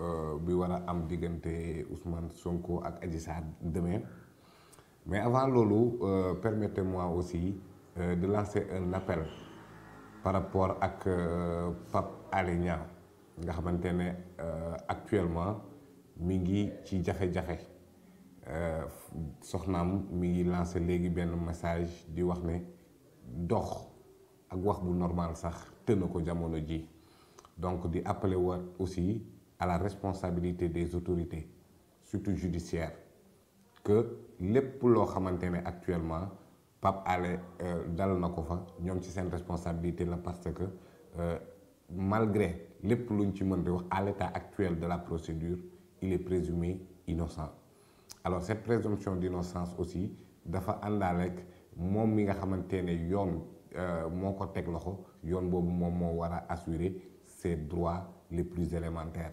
Euh, bi war am diggante Ousmane Sonko ak Adji Sarr demain mais avant loolu euh, permettez-moi aussi euh, de lancer un appel par rapport ak Pape Alé Niang nga xamante ne actuellement mi ngi ci jaxé jafe soxnaam mi ngi lancer légui ben message di wax né dox ak wax bu normal sax tën ko jamono ji donc di appeler waat aussi à la responsabilité des autorités surtout judiciaires que les loo xamante actuellement dans Alé euh, dal responsabilité parce que euh, malgré les luñ ci à l'état actuel de la procédure il est présumé innocent alors cette présomption d'innocence aussi dafa faut mi nga assurer ses droits les plus élémentaires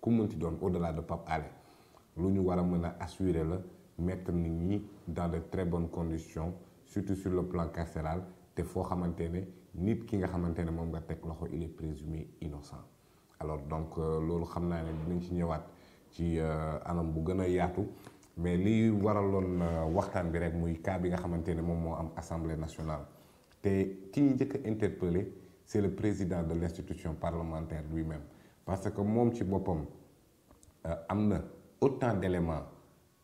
Comment mënti doon au delà de Pape Alé lu ñu war a assurer la mettre nit dans de très bonnes conditions surtout sur le plan carcéral te foo xamante ne nit ki nga xamante ne moom nga teg loxo il est présumé innocent alors donc euh, loolu xam naa ne dinañ ci ñëwaat ci euh, anam bu gën a yaatu mais li lon euh, waxtan bi rek muy cas bi nga xamante mom mo am assemblée nationale Té ki ñi jëk interpeller interpellé c'est le président de l'institution parlementaire lui-même parce que moom ci boppam euh, am autant d'éléments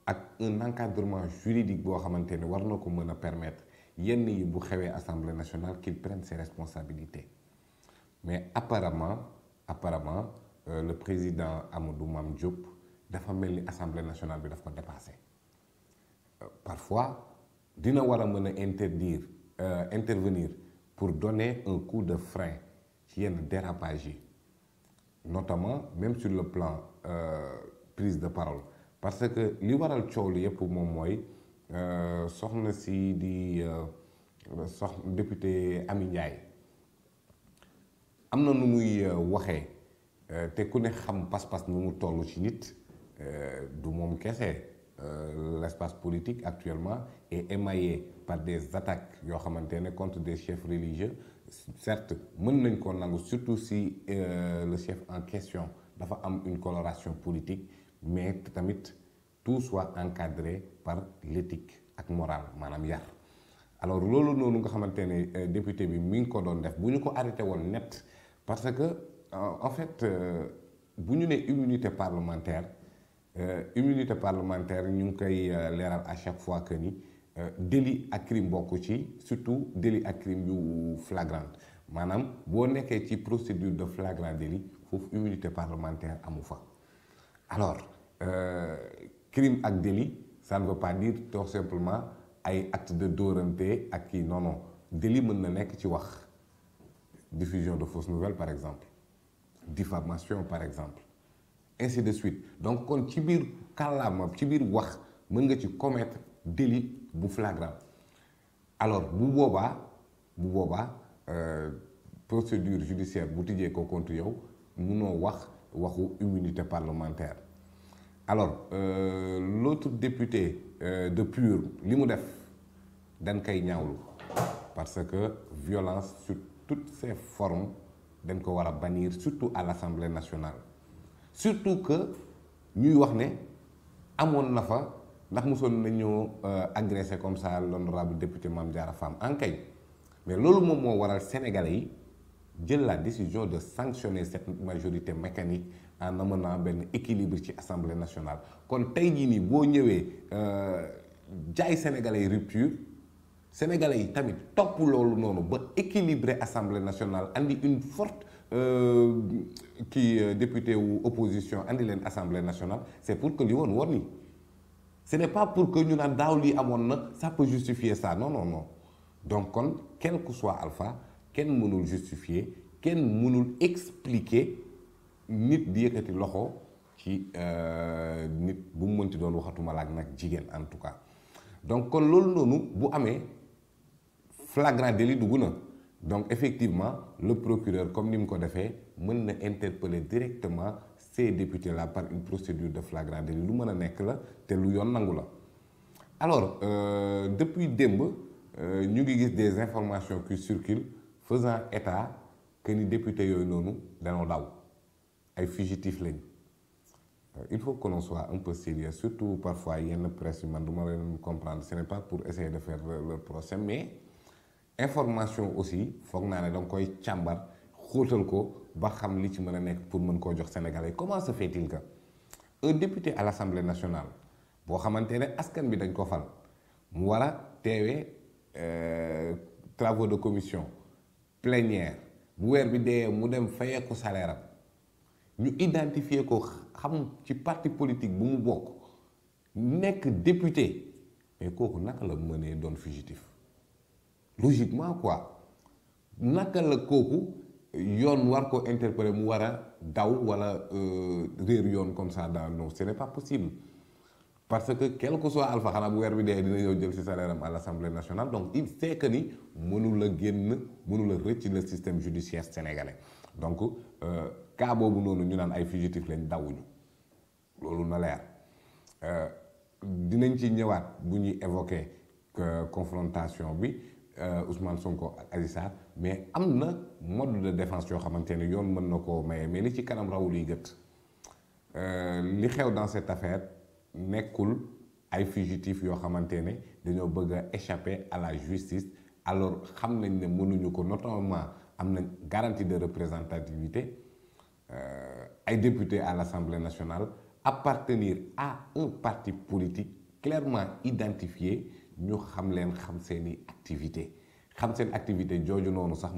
et un encadrement juridique qui permettre à l'Assemblée nationale qu'il prenne ses responsabilités mais apparemment apparemment euh, le président Amadou Mamdjoub a dafa l'Assemblée nationale bi euh, parfois il faut intervenir pour donner un coup de frein qui yenn dérapage notamment même sur le plan euh, prise de parole parce que li waral est pour yëpp moi, euh, soxna si di euh, sox député Amy Ndiaye am na nu muy euh, waxee te ku ne xam pass pass nu mu toll ci nit du l'espace politique actuellement est émaillé par des attaques yo contre des chefs religieux certes mën nañ ko nangu surtout si euh, le chef en question a une coloration politique mais tamit tout soit encadré par l'éthique et ak morale maanaam yar alors loolu noonu nga xamante ne euh, député bi mi ngi ko doon def ko arrêté net parce que euh, en fait bu ñu nee immunité parlementaire immunité parlementaire nous ngi koy leeral à chaque fois que ni euh, délit à crime bokk ci surtout délit à crime yu flagrant maanaam boo nekkee ci procédure de flagrant délit foofu immunité parlementaire amu fa alors euh, crime ak délit ça ne veut pas dire tout simplement ay acte de dóorante ak non non délit mën na nekk ci wax diffusion de fausses nouvelles par exemple diffamation par exemple ainsi de suite donc kon ci biir kàllaama ci biir wax mën nga ci commettre délit bu flagrant alors bu boobaa bu euh, procédure judiciaire bu tijjee ko contre yow munoo wax waxu immunité parlementaire alors euh, l'autre député euh, de PUR li mu def dañ parce que violence sur toutes ses formes dañ ko wara bannir surtout à l'Assemblée nationale surtout que ñuy wax né à na ndax mosoon nañoo euh, agressé comme ça l'honorable député Mame Femme. en kay mais loolu moom moo waral Sénégalais yi la décision de sanctionner cette majorité mécanique en amenant un équilibre ci l'Assemblée nationale kon tey jii nii boo ñëwee euh, jaay Sénégalais Sénégal, rupture Sénégalais yi tamit topp loolu noonu ba équilibrer assemblée nationale une forte députée euh, député wu opposition andi l'Assemblée assemblée nationale c'est pour que li woon ce n'est pas pour que nous naan daaw lii amoon na ça peut justifier ça non non non donc quel que soit alpha kenn mënul justifier kenn mënul expliquer nit qui yëkkati loxo ci euh, nit bu mu mënti doon waxatuma laak nag jigéen en tout cas donc kon nous noonu bu flagrant délit donc effectivement le procureur comme nous l'avons fait, peut interpeller directement ces députés là par une procédure de flagrant délit lu mën les nekk la alors euh, depuis démb euh, ñu ngi gis des informations qui circulent faisant état que ni député yooyu noonu dañoo daw ay fugitifs euh, il faut que l'on soit un peu sérieux surtout parfois il yenn presse yi man pas ma comprendre ce n'est pas pour essayer de faire le procès mais information aussi faut naa ne da nga koy càmbar ko ba xam li ci mën a nekk pour mën koo jox Sénégalais comment se fait-il que un député à l' assemblée nationale boo xamante ne askan bi dañ ko fal mu war a teewee euh, travaux de commission plénière bu weer bi dee mu dem fayeeku salaire ñu identifier ko xam ci parti politique bu mu bokk nekk député mais kooku naka la mënee doon fugitif logiquement quoi naka la kooku yoon war ko interpeller mu wara daw wala euh, réer comme ça non ce n'est pas possible parce que quel que soit Alpha xana bu wer bi dina salaire à l'Assemblée nationale donc il sait que ni mënu la génn mënu le système judiciaire sénégalais donc euh, cas bobu noonu ñu nan ay fugitifs lañ dawuñu lolu na leer euh, dinañ ci ñëwaat bu ñuy évoquer confrontation bi Ousmane Sonko ak dit Sarr mais am na mode de défense yoo xamante ne yoon mën na maye mais li ci kanam rawul yi gët euh, li xew dans cette affaire nekkul ay fugitifs yoo xamante ne dañoo bëgg échapper à la justice alors xam nañ ne mënuñu ko notamment am garantie de représentativité euh, ay députés à l'Assemblée nationale appartenir à un parti politique clairement identifié ñu xam leen xam seeni activité xam activité jooju sax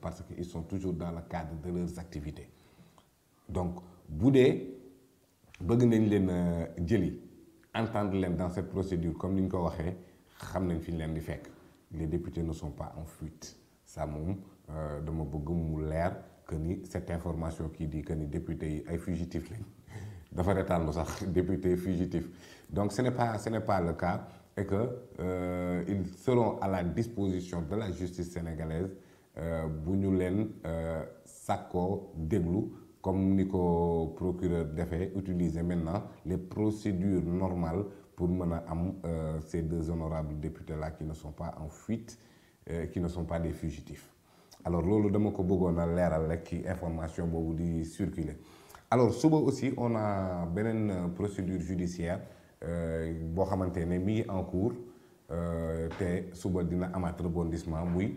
parce que sont toujours dans le cadre de leurs activités donc bu dee euh, entendre dans cette procédure comme ko xam nañ les députés ne sont pas en fuite ça euh, bëgg mu que cette information qui dit que les députés yi ay fugitifs donc ce n'est pas le cas et que euh, seront à la disposition de la justice sénégalaise pour euh, ñu leen euh, comme ni procureur d'effet utiliser maintenant les procédures normales pour mener euh, ces deux honorables députés là qui ne sont pas en fuite qui ne sont pas des fugitifs alors Lolo dama ko on a l'air rek ci information vous di circuler alors souvent aussi on a une procédure judiciaire euh, boo xamante ne mi ngi en cours euh, te suba dina amaat rebondissement muy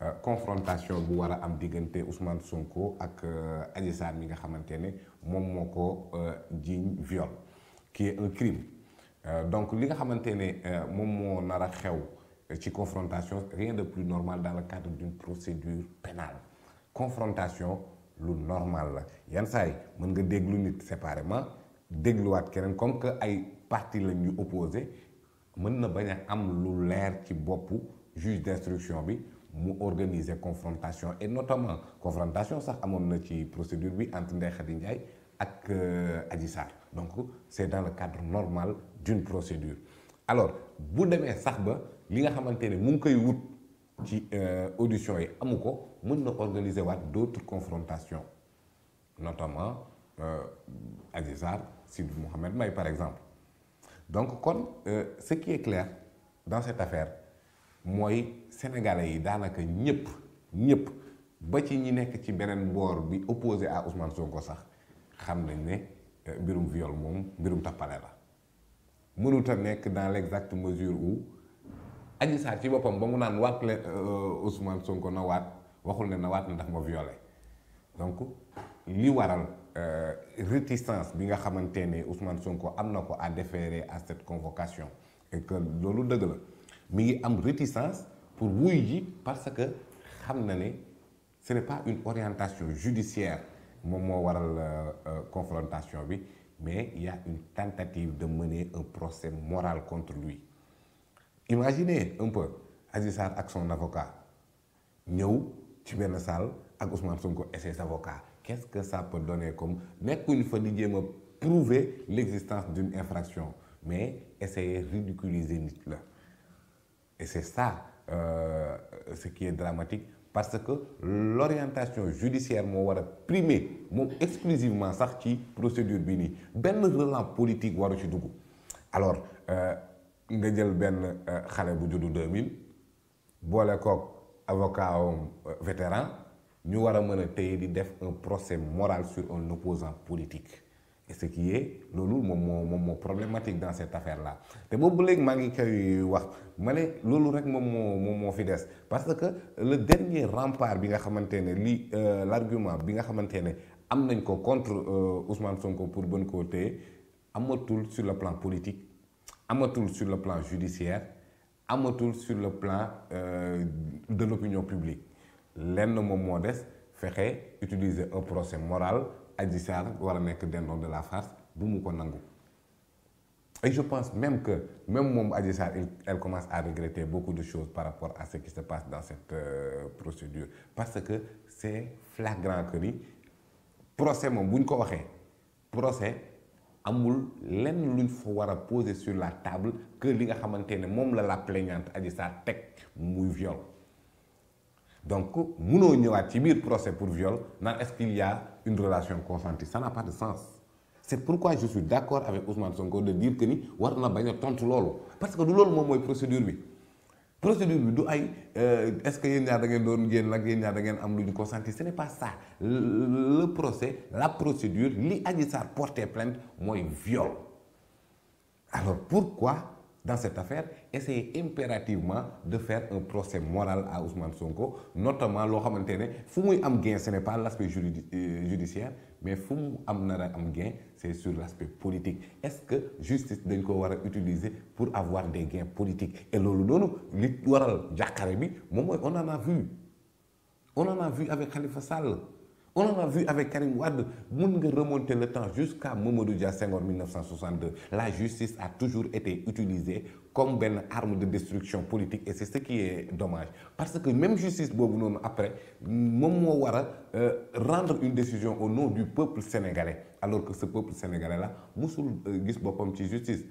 euh, confrontation bu war a am diggante Ousmane Sonko ak Adji Sarr mi nga xamante ne moom moo ko viol qui est un crime donc li nga xamante ne moom moo nar a xew ci confrontation rien de plus normal dans le cadre d'une procédure pénale confrontation lu normal la yan saay mën nga déglu nit séparément dégluwaat keneen comme que ay parti les ñu opposé mën na am lu juge d'instruction bi organiser organiser confrontation et notamment confrontation sax amoon na ci procédure bi entre Ndeye Khady Ndiaye ak euh, donc c'est dans le cadre normal d'une procédure alors bu vous sax ba li nga xamante mu ngi koy wut ci euh, audition yi amuko organiser d'autres confrontations notamment euh, Adji Sarr Sidou Mohamed May par exemple donc kon euh, ce qui est clair dans cette affaire mooy sénégalais yi daanaka ñëpp ñëpp ba ci ñi nekk ci beneen boor bi opposé à Ousmane Sonko sax xam nañ ne euh, mbirum viol moom mbirum tappale la mënut a nekk dans l'exacte mesure où Adji Sarr ci boppam ba mu naan waat le euh, Ousmane Sonko na waat waxul ne na waat na daf ma violé donc li waral. Euh, réticence bi nga xamante Ousmane Sonko a à déférer à cette convocation et que lolu deug la mi ngi am réticence pour wuy parce que ce n'est pas une orientation judiciaire mom waral euh, euh, confrontation bi mais il y a une tentative de mener un procès moral contre lui imaginez un peu Aziz Sarr ak son avocat ñew ci la salle ak Ousmane Sonko et ses avocats qu'est-ce que ça peut donner comme Mais fa faut prouver l'existence d'une infraction mais essayer ridiculiser nit et c'est ça euh, ce qui est dramatique parce que l'orientation judiciaire mo wara primer exclusivement sax ci procédure bi nous benn relance politique waru ci dugg alors euh, nga jël benn euh, xalé bu de 2000 bolé ko avocat vétéran nous avons a un procès moral sur un opposant politique et ce qui est le plus problématique dans cette affaire là Et boobu vous maa ngi dire wax ma ne rek moom parce que le dernier rempart euh, l'argument bi nga xamante mis contre euh, Ousmane Sonko pour bon côté, il sur le plan politique amatul sur le plan judiciaire amatul sur le plan euh, de l'opinion publique lenn moom moo des utiliser un procès moral à Sarr war a nekk de la farce bu mu et je pense même que même moom elle commence à regretter beaucoup de choses par rapport à ce qui se passe dans cette euh, procédure parce que c'est flagrant que ni procès moom bu ñu ko waxee procès amul lenn luñ fa war poser sur la table que li nga xamante ne moom la la plaignante Adji Sarr teg muy viol donc si ñëwaat ci un procès pour viol est-ce qu'il y a une relation consentie ça n'a pas de sens c'est pourquoi je suis d'accord avec Ousmane Sonko de dire que ni avons besoin de tant de parce que du avons moom procédure La procédure euh, est-ce que y a da gens qui ont ce n'est pas ça le procès la procédure ce qui a porté plainte un viol alors pourquoi dans cette affaire, essayer impérativement de faire un procès moral à Ousmane Sonko, notamment lo xamantene am gain ce n'est pas l'aspect euh, judiciaire mais am gain c'est sur l'aspect politique est-ce que justice de ko pour avoir des gains politiques et l'Oludono, on en a vu on en a vu avec Khalifa Sall on a vu avec Karim Wad, on peut remonter le temps jusqu'à Momodou Dia en 1962. La justice a toujours été utilisée comme une arme de destruction politique et c'est ce qui est dommage. Parce que même justice, après, Momo euh, rendre une décision au nom du peuple sénégalais. Alors que ce peuple sénégalais-là, Moussoul euh, Gis Bopom justice.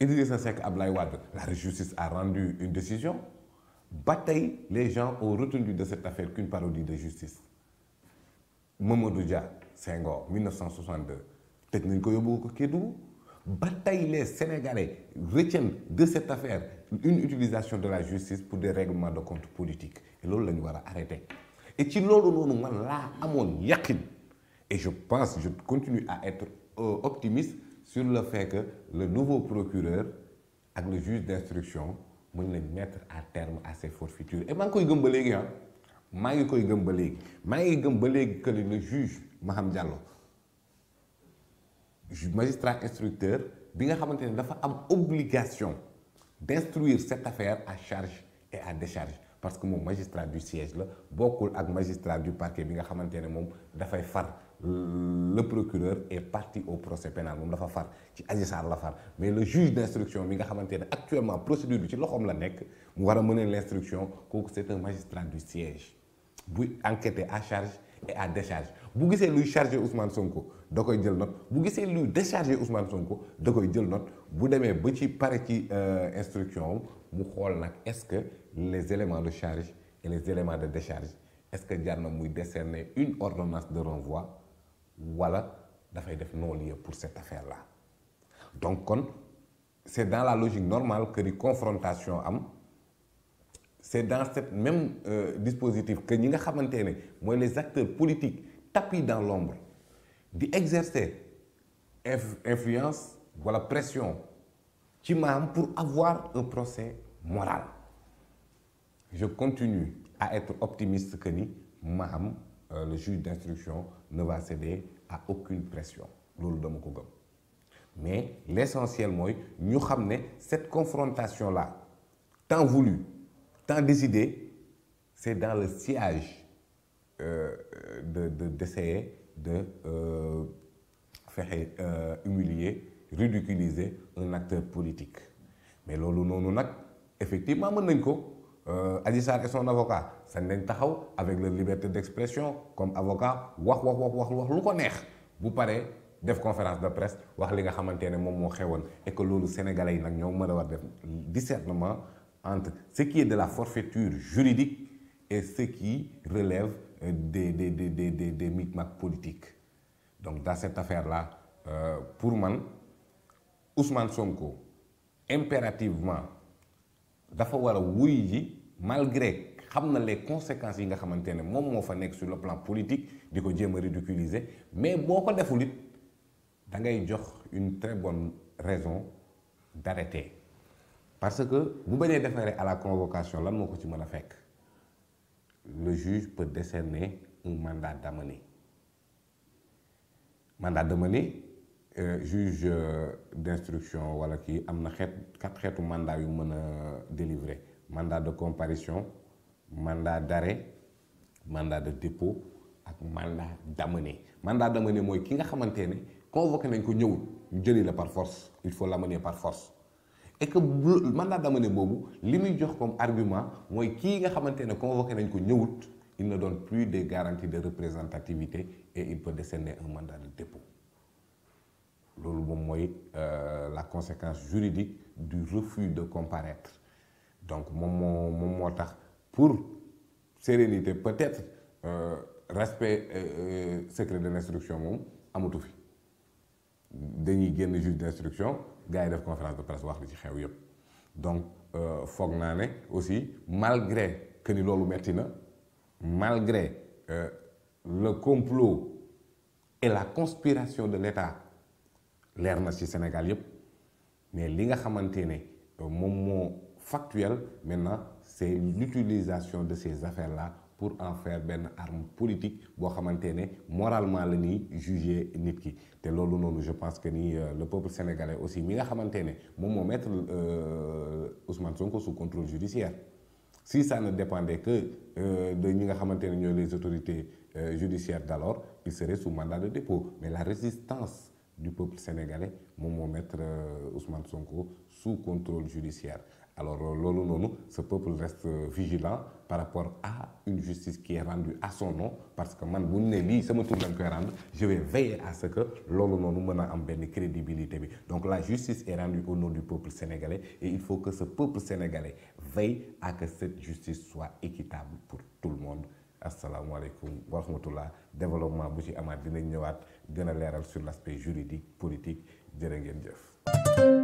dit Wad, la justice a rendu une décision. Bataille, les gens ont retenu de cette affaire qu'une parodie de justice. Mamadou Dia Senghor 1962 tëj nañ ko yóbbu ko les Sénégalais retiennent de cette affaire une utilisation de la justice pour des règlements de compte politique et là, on va arrêter et ci loolu noonu là à mon yakin, et je pense je continue à être euh, optimiste sur le fait que le nouveau procureur avec le juge d'instruction va mettre à terme à ces forfaitures et je ngi koy gëm ba hein. Je ngi koy gëm ba léegi que le juge Maham Diallo magistrat instructeur bi nga xamante obligation d'instruire cette affaire à charge et à décharge parce que mon magistrat du siège beaucoup de magistrats du parquet bi nga le procureur est parti au procès pénal faire, la mais le juge d'instruction bi nga actuellement procédure la procédure a l'instruction que c'est un magistrat du siège buy enquêter à charge et à décharge bu gisee luy charger Ousmane Sonko il koy le note bu gisee luy décharger Ousmane Sonko da koy jël note bu vous ba ci pare ci euh, instruction mu xool est-ce que les éléments de charge et les éléments de décharge est-ce que jar décerner une ordonnance de renvoi wala dafay des non-lieu pour cette affaire-là donc c'est dans la logique normale que les confrontation c'est dans ce même euh, dispositif que nous avons les acteurs politiques tapis dans l'ombre d'exercer influence wala pression qui maam pour avoir un procès moral je continue à être optimiste que ni euh, le juge d'instruction ne va céder à aucune pression mais l'essentiel nous avons cette confrontation là tant voulu décidé, c'est dans le siège euh, d'essayer de, euh, faire euh, humilier, ridiculiser un acteur politique. Mais lolo non effectivement euh et son avocat avec la liberté d'expression comme avocat wah wah wah wah wah, lu ko Vous bu de presse li et que sénégalais discernement entre ce qui est de la forfaiture juridique et ce qui relève euh, des, des, des, micmacs politiques. Donc dans cette affaire-là, euh, pour moi, Ousmane Sonko, impérativement, il war a le oui, malgré les conséquences yi nga xamante ne sur le plan politique di ko a ridiculiser mais boo ko deful it da ngay jox une très bonne raison d'arrêter parce que vous bañee déféré à la convocation lan moo ci faire le juge peut décerner un mandat d'amener mandat d'amener euh, juge euh, d'instruction wala qui a quatre mandats mandat yu délivrer mandat de comparution mandat d'arrêt mandat de dépôt et mandat d'amener mandat d'amener c'est qui nga xamante convoqué ko ñëwul ñu par force il faut l'amener par force et que mandat d'amener boobu limi jox comme argument qui ne il ne donne plus de garanties de représentativité et il peut décerner un mandat de dépôt C'est euh, la conséquence juridique du refus de comparaître donc pour sérénité peut-être euh, respect euh, secret de l'instruction à amatu fi dañuy génn juge d'instruction gars yi def conférence de presse wax li ci xew yëpp donc euh, foog naa ne aussi malgré que ni loolu metti na malgré euh, le complot et la conspiration de l'État leer na ci Sénégal yëpp mais li nga xamante ne euh, moom moo factuel maintenant c'est l'utilisation de ces affaires-là pour en faire une arme politique pour moralement la juger je pense que ni euh, le peuple sénégalais aussi mi nga mettre euh, Ousmane Sonko sous contrôle judiciaire si ça ne dépendait que euh, de les autorités judiciaires d'alors il serait sous mandat de dépôt mais la résistance du peuple sénégalais mon mettre Ousmane Sonko sous contrôle judiciaire alors euh, Lolo ce peuple reste euh, vigilant par rapport à une justice qui est rendue à son nom parce que man bu ñu ne sama tour je vais veiller à ce que ce noonu mën en am crédibilité donc la justice est rendue au nom du peuple sénégalais et il faut que ce peuple sénégalais veille à que cette justice soit équitable pour tout le monde alaikum, wa rahmatullah développement bu ci amaat dinañ ñëwaat sur l'aspect juridique politique jërë ngeen